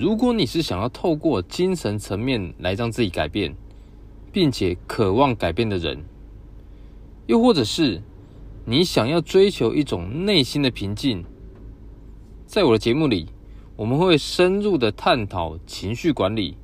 如果你是想要透過精神層面來讓自己改變，並且渴望改變的人，又或者是你想要追求一種內心的平靜，在我的節目裡，我們會深入的探討情緒管理、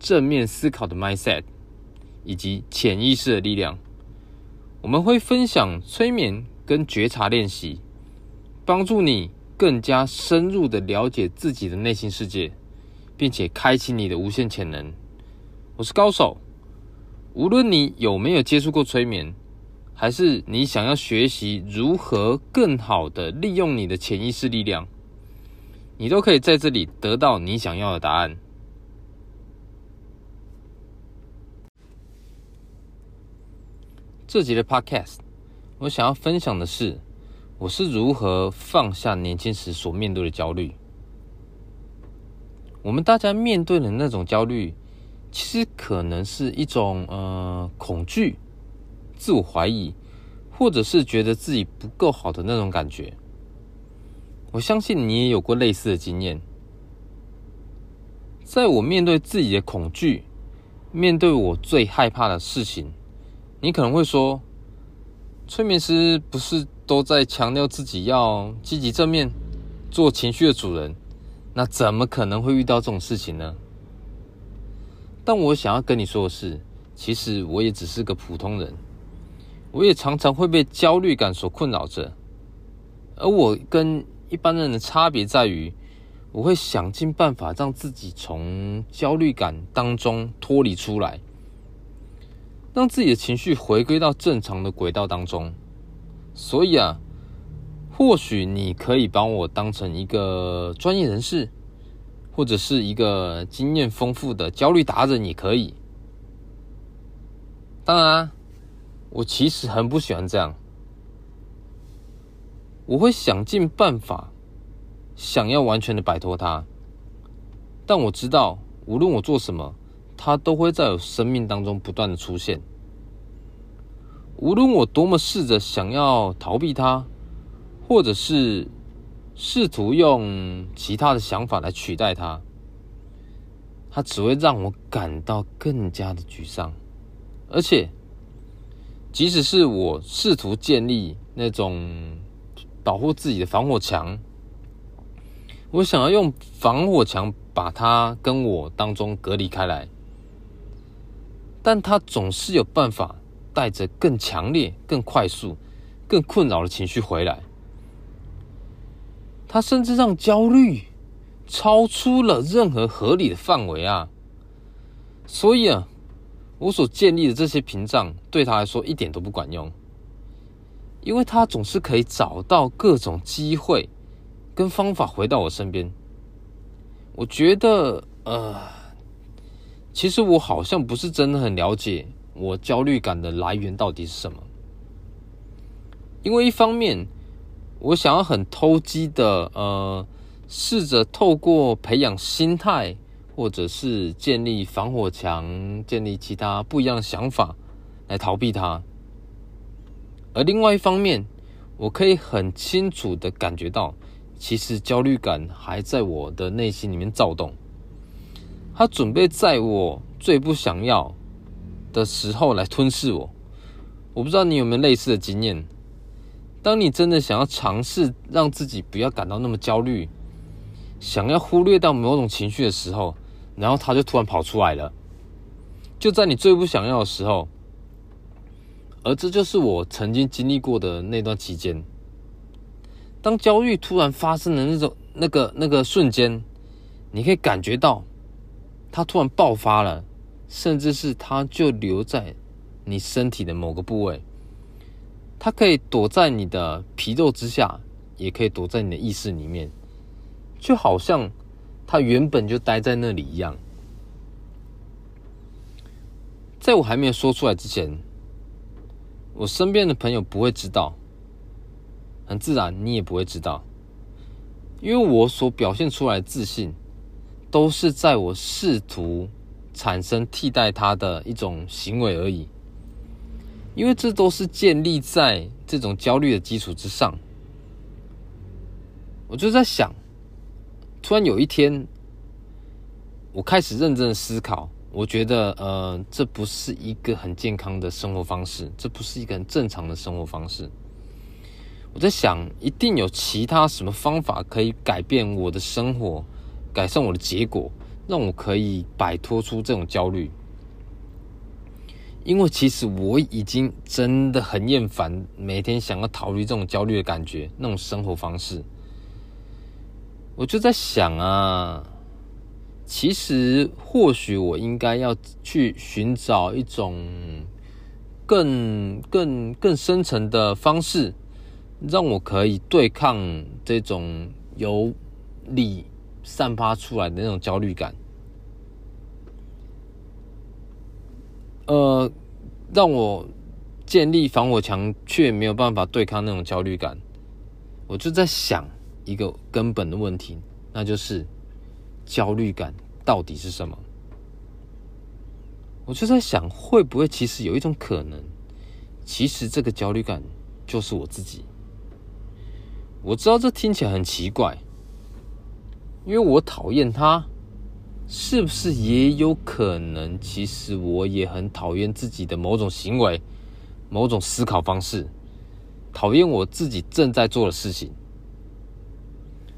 正面思考的 mindset 以及潛意識的力量。我們會分享催眠跟覺察練習，幫助你。更加深入的了解自己的內心世界，並且開啟你的無限潛能。我是高手，無論你有沒有接觸過催眠，還是你想要學習如何更好的利用你的潛意識力量，你都可以在這裡得到你想要的答案。這集的 Podcast，我想要分享的是。我是如何放下年輕時所面對的焦慮？我們大家面對的那種焦慮，其實可能是一種呃恐懼、自我懷疑，或者是覺得自己不夠好的那種感覺。我相信你也有過類似的經驗。在我面對自己的恐懼，面對我最害怕的事情，你可能會說，催眠師不是？都在強調自己要積極正面，做情緒的主人，那怎麼可能會遇到這種事情呢？但我想要跟你說的是，其實我也只是個普通人，我也常常會被焦慮感所困擾着，而我跟一般人的差別在於，我會想盡辦法讓自己從焦慮感當中脫離出來，讓自己的情緒回歸到正常的軌道當中。所以啊，或許你可以把我當成一個專業人士，或者是一個經驗豐富的焦慮達人，也可以。當然啊，我其實很不喜歡這樣，我會想盡辦法想要完全的擺脫它。但我知道，無論我做什麼，它都會在我生命當中不斷的出現。無論我多麼試着想要逃避他，或者是試圖用其他的想法來取代他，他只會讓我感到更加的沮喪。而且，即使是我試圖建立那種保護自己的防火牆，我想要用防火牆把他跟我當中隔離開來，但他總是有辦法。帶着更強烈、更快速、更困擾的情緒回來，他甚至讓焦慮超出了任何合理的範圍啊。所以啊，我所建立的這些屏障對他來說一點都不管用，因為他總是可以找到各種機會跟方法回到我身邊。我覺得，呃，其實我好像不是真的很了解。我焦慮感的來源到底是什麼？因為一方面，我想要很投機的，呃，試着透過培養心態，或者是建立防火牆，建立其他不一樣的想法來逃避它；而另外一方面，我可以很清楚的感覺到，其實焦慮感還在我的內心裡面躁動，它準備在我最不想要。的時候來吞噬我，我不知道你有沒有類似的經驗。當你真的想要嘗試讓自己不要感到那麼焦慮，想要忽略到某種情緒的時候，然後他就突然跑出來了，就在你最不想要的時候。而這就是我曾經經歷過的那段期間，當焦慮突然發生的那種、那個、那個瞬間，你可以感覺到它突然爆發了。甚至是它就留在你身體的某個部位，它可以躲在你的皮肉之下，也可以躲在你的意識裡面，就好像它原本就待在那裡一樣。在我還沒有說出來之前，我身邊的朋友不會知道，很自然你也不會知道，因為我所表現出來的自信，都是在我試圖產生替代他的一種行為而已，因為這都是建立在這種焦慮的基礎之上。我就在想，突然有一天，我開始認真思考，我覺得，呃，這不是一個很健康的生活方式，這不是一個很正常的生活方式。我在想，一定有其他什麼方法可以改變我的生活，改善我的結果。讓我可以擺脫出這種焦慮，因為其實我已經真的很厭煩每天想要逃離這種焦慮的感覺，那種生活方式。我就在想啊，其實或許我應該要去尋找一種更、更、更深層的方式，讓我可以對抗這種有理。散發出來的那種焦慮感，呃，讓我建立防火牆，卻沒有辦法對抗那種焦慮感。我就在想一個根本的問題，那就是焦慮感到底是什麼？我就在想，會不會其實有一種可能，其實這個焦慮感就是我自己。我知道這聽起來很奇怪。因為我討厭他，是不是也有可能？其實我也很討厭自己的某種行為、某種思考方式，討厭我自己正在做的事情。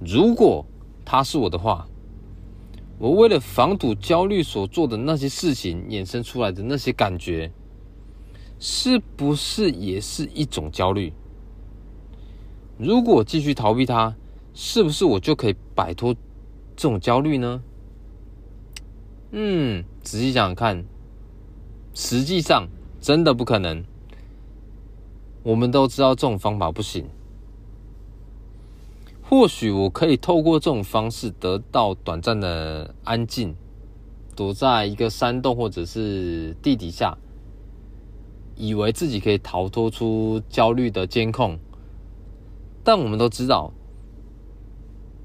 如果他是我的話，我為了防堵焦慮所做的那些事情，衍生出來的那些感覺，是不是也是一種焦慮？如果繼續逃避他，是不是我就可以擺脫這種焦慮呢？嗯，仔細想想看，實際上真的不可能。我們都知道這種方法不行。或許我可以透過這種方式得到短暫的安靜，躲在一個山洞或者是地底下，以為自己可以逃脫出焦慮的監控。但我們都知道。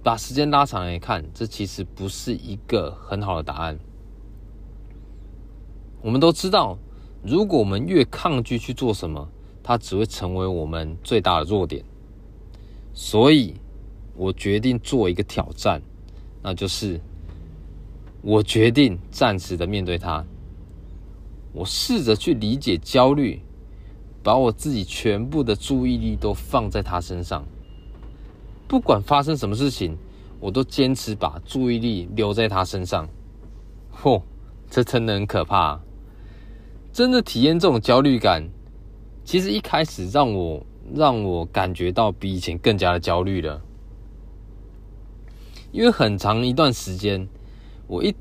把時間拉長來看，這其實不是一個很好的答案。我們都知道，如果我們越抗拒去做什麼，它只會成為我們最大的弱點。所以，我決定做一個挑戰，那就是我決定暫時的面對它。我試着去理解焦慮，把我自己全部的注意力都放在它身上。不管發生什麼事情，我都堅持把注意力留在他身上。嚯、哦，這真的很可怕啊！真的體驗這種焦慮感，其實一開始讓我讓我感覺到比以前更加的焦慮了。因為很長一段時間，我一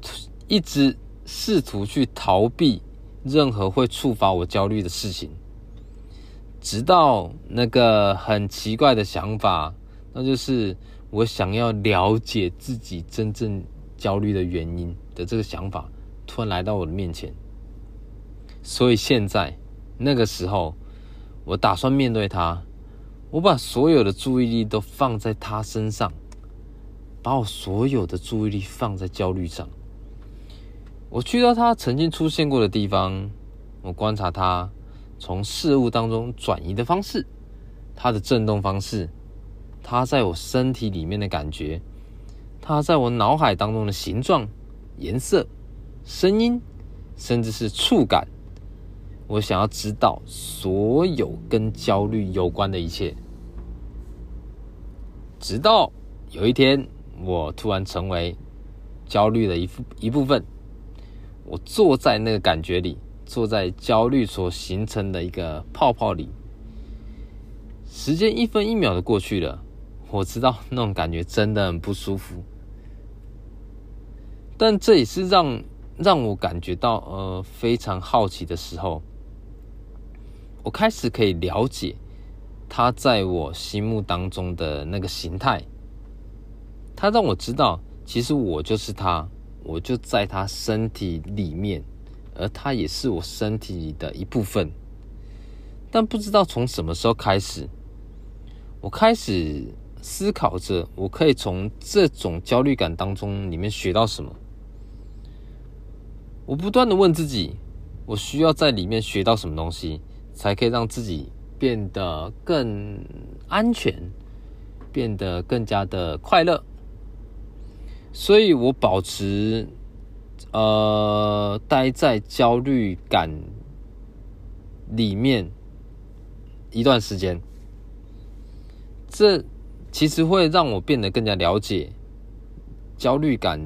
一直試圖去逃避任何會觸發我焦慮的事情，直到那個很奇怪的想法。那就是我想要了解自己真正焦慮的原因的這個想法突然來到我的面前，所以現在那個時候，我打算面對他，我把所有的注意力都放在他身上，把我所有的注意力放在焦慮上。我去到他曾經出現過的地方，我觀察他從事物當中轉移的方式，他的震動方式。它在我身體裡面的感覺，它在我腦海當中的形狀、顏色、聲音，甚至是觸感，我想要知道所有跟焦慮有關的一切。直到有一天，我突然成為焦慮的一部一部分，我坐在那個感覺裡，坐在焦慮所形成的一個泡泡裡，時間一分一秒的過去了。我知道那種感覺真的很不舒服，但這也是讓讓我感覺到呃非常好奇的時候。我開始可以了解他在我心目當中的那個形態。他讓我知道，其實我就是他，我就在他身體裡面，而他也是我身體的一部分。但不知道從什麼時候開始，我開始。思考着，我可以從這種焦慮感當中裡面學到什麼？我不斷的問自己，我需要在裡面學到什麼東西，才可以讓自己變得更安全，變得更加的快樂？所以我保持呃，待在焦慮感裡面一段時間，這。其實會讓我變得更加了解焦慮感，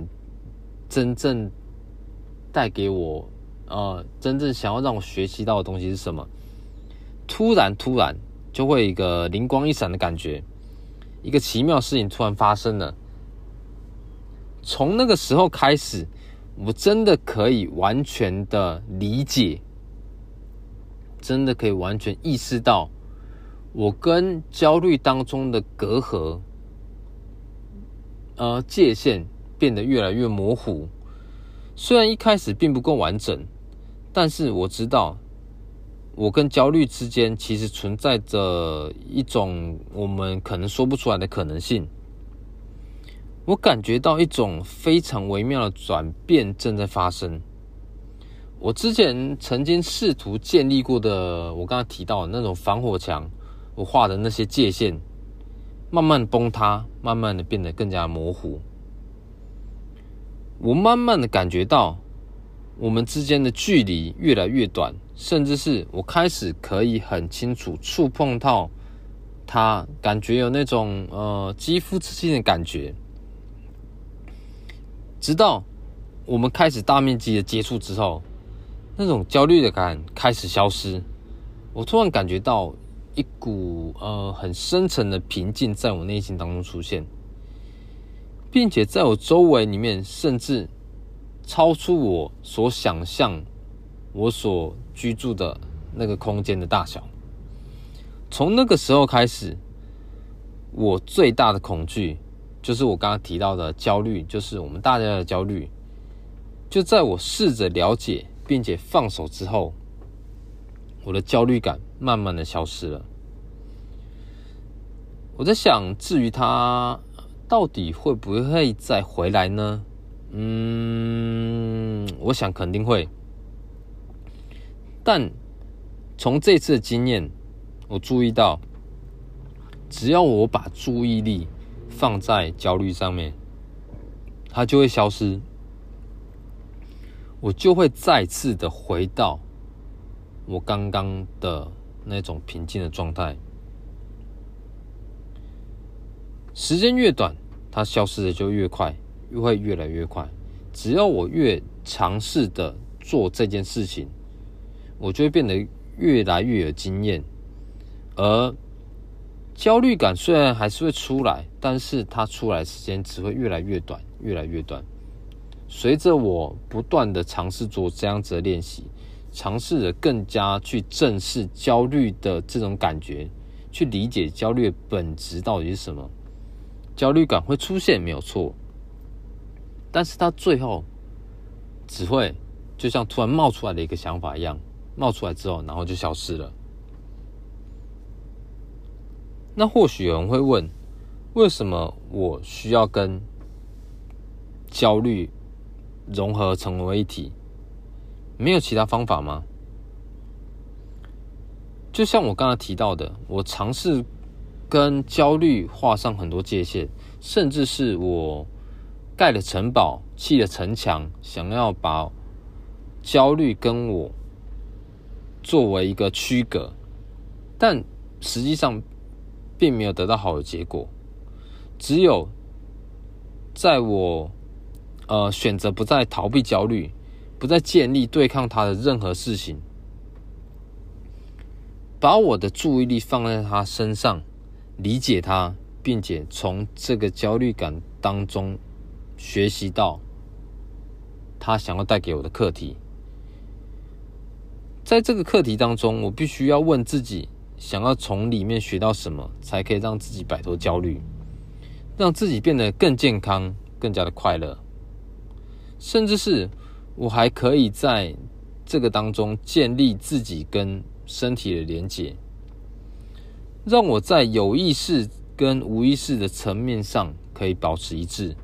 真正帶給我呃真正想要讓我學習到的東西是什麼。突然突然就會一個靈光一閃的感覺，一個奇妙事情突然發生了。從那個時候開始，我真的可以完全的理解，真的可以完全意識到。我跟焦慮當中的隔閡，呃，界限變得越來越模糊。雖然一開始並不夠完整，但是我知道，我跟焦慮之間其實存在着一種我們可能說不出來的可能性。我感覺到一種非常微妙的轉變正在發生。我之前曾經試圖建立過的，我剛剛提到的那種防火牆。我畫的那些界限，慢慢崩塌，慢慢的變得更加模糊。我慢慢的感覺到，我們之間的距離越來越短，甚至是我開始可以很清楚觸碰到他，感覺有那種呃肌膚之親的感覺。直到我們開始大面積的接觸之後，那種焦慮的感開始消失。我突然感覺到。一股呃很深沉的平靜在我內心當中出現，並且在我周圍裡面，甚至超出我所想象，我所居住的那個空間的大小。從那個時候開始，我最大的恐懼就是我剛剛提到的焦慮，就是我們大家的焦慮，就在我試着了解並且放手之後，我的焦慮感。慢慢的消失了。我在想，至於他到底會不會再回來呢？嗯，我想肯定會。但從這次的經驗，我注意到，只要我把注意力放在焦慮上面，它就會消失，我就會再次的回到我剛剛的。那種平靜的狀態，時間越短，它消失的就越快，又會越來越快。只要我越嘗試的做這件事情，我就會變得越來越有經驗，而焦慮感雖然還是會出來，但是它出來時間只會越來越短，越來越短。隨着我不斷的嘗試做這樣子的練習。嘗試着更加去正視焦慮的這種感覺，去理解焦慮的本質到底是什麼。焦慮感會出現，沒有錯，但是它最後只會就像突然冒出來的一個想法一樣，冒出來之後，然後就消失了。那或許有人會問，為什麼我需要跟焦慮融合成為一體？沒有其他方法嗎？就像我剛才提到的，我嘗試跟焦慮劃上很多界限，甚至是我蓋了城堡、砌了城牆，想要把焦慮跟我作為一個區隔，但實際上並沒有得到好的結果。只有在我呃選擇不再逃避焦慮。不再建立對抗他的任何事情，把我的注意力放在他身上，理解他，並且從這個焦慮感當中學習到他想要帶給我的課題。在這個課題當中，我必須要問自己：想要從裡面學到什麼，才可以讓自己擺脫焦慮，讓自己變得更健康、更加的快樂，甚至是……我還可以在這個當中建立自己跟身體的連接，讓我在有意識跟無意識的層面上可以保持一致。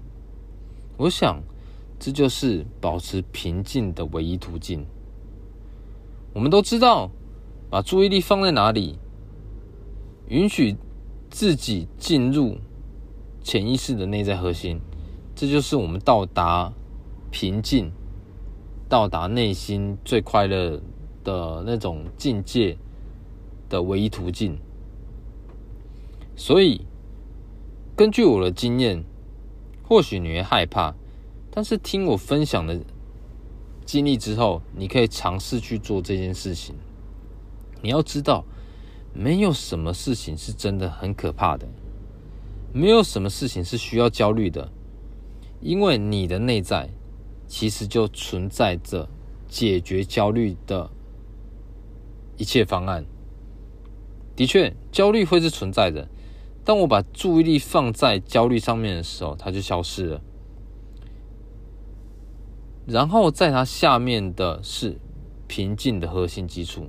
我想，這就是保持平靜的唯一途徑。我們都知道，把注意力放在哪裡，允許自己進入潛意識的內在核心，這就是我們到達平靜。到達內心最快樂的那種境界的唯一途徑。所以，根據我的經驗，或許你會害怕，但是聽我分享的經歷之後，你可以嘗試去做這件事情。你要知道，沒有什麼事情是真的很可怕的，沒有什麼事情是需要焦慮的，因為你的內在。其實就存在着解決焦慮的一切方案。的確，焦慮會是存在的。當我把注意力放在焦慮上面的時候，它就消失了。然後在它下面的是平靜的核心基礎。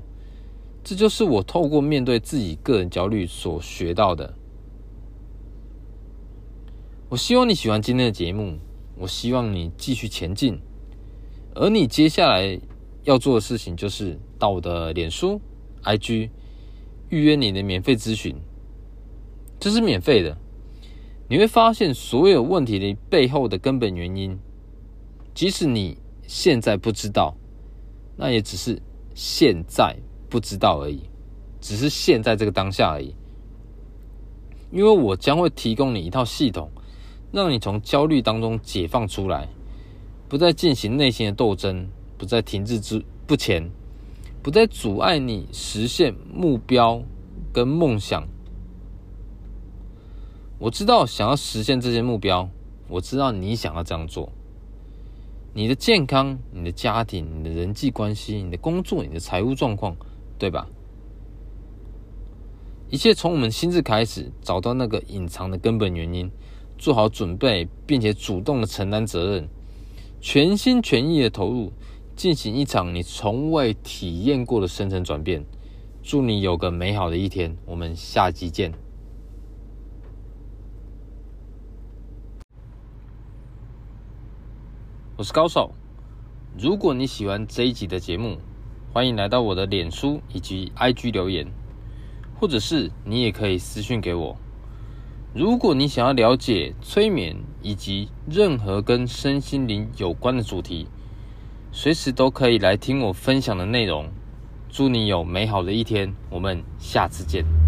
這就是我透過面對自己個人焦慮所學到的。我希望你喜歡今天的節目。我希望你繼續前進，而你接下來要做的事情就是到我的臉書、IG 預約你的免費諮詢，這是免費的。你會發現所有問題的背後的根本原因，即使你現在不知道，那也只是現在不知道而已，只是現在這個當下而已。因為我將會提供你一套系統。讓你從焦慮當中解放出來，不再進行內心的鬥爭，不再停滯不前，不再阻礙你實現目標跟夢想。我知道想要實現這些目標，我知道你想要這樣做。你的健康、你的家庭、你的人際關係、你的工作、你的財務狀況，對吧？一切從我們心智開始，找到那個隱藏的根本原因。做好準備，並且主動的承擔責任，全心全意的投入，進行一場你從未體驗過的深層轉變。祝你有個美好的一天，我們下集見。我是高手。如果你喜歡這一集的節目，歡迎來到我的臉書以及 IG 留言，或者是你也可以私訊給我。如果你想要了解催眠以及任何跟身心靈有關的主題，隨時都可以來聽我分享的內容。祝你有美好的一天，我們下次見。